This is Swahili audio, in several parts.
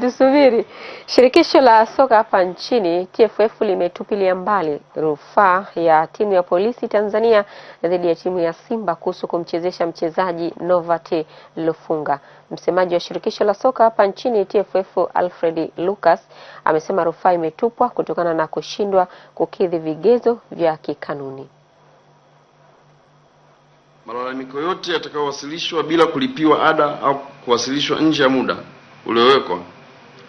Tusubiri. Shirikisho la soka hapa nchini TFF limetupilia mbali rufaa ya timu ya polisi Tanzania dhidi ya timu ya Simba kuhusu kumchezesha mchezaji Novat Lufunga. Msemaji wa shirikisho la soka hapa nchini TFF Alfred Lucas amesema rufaa imetupwa kutokana na kushindwa kukidhi vigezo vya kikanuni. Malalamiko yote yatakayowasilishwa bila kulipiwa ada au kuwasilishwa nje ya muda uliowekwa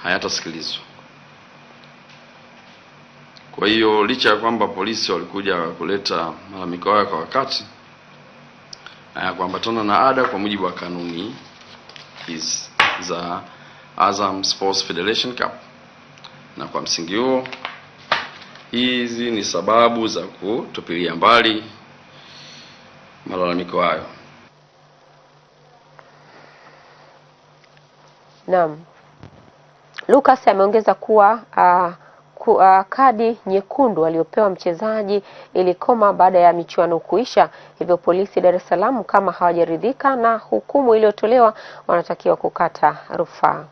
hayatasikilizwa. Kwa hiyo licha ya kwamba polisi walikuja kuleta malalamiko yao kwa wakati na kuambatana na ada kwa mujibu wa kanuni hizi za Azam Sports Federation Cup, na kwa msingi huo hizi ni sababu za kutupilia mbali malalamiko hayo. Naam. Lucas ameongeza kuwa uh, ku, uh, kadi nyekundu aliyopewa mchezaji ilikoma baada ya michuano kuisha, hivyo polisi Dar es Salaam kama hawajaridhika na hukumu iliyotolewa wanatakiwa kukata rufaa.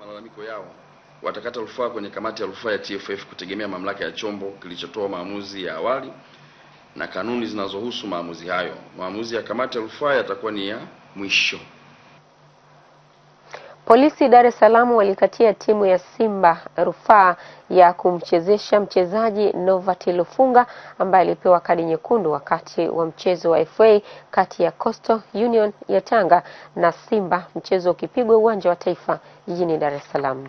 Malalamiko yao watakata rufaa kwenye kamati ya rufaa ya TFF kutegemea mamlaka ya chombo kilichotoa maamuzi ya awali na kanuni zinazohusu maamuzi hayo. Maamuzi ya kamati ya rufaa yatakuwa ni ya mwisho. Polisi Dar es Salaam walikatia timu ya Simba rufaa ya kumchezesha mchezaji novati Lufunga ambaye alipewa kadi nyekundu wakati wa mchezo wa FA kati ya Coastal Union ya Tanga na Simba, mchezo ukipigwa uwanja wa Taifa jijini Dar es Salaam.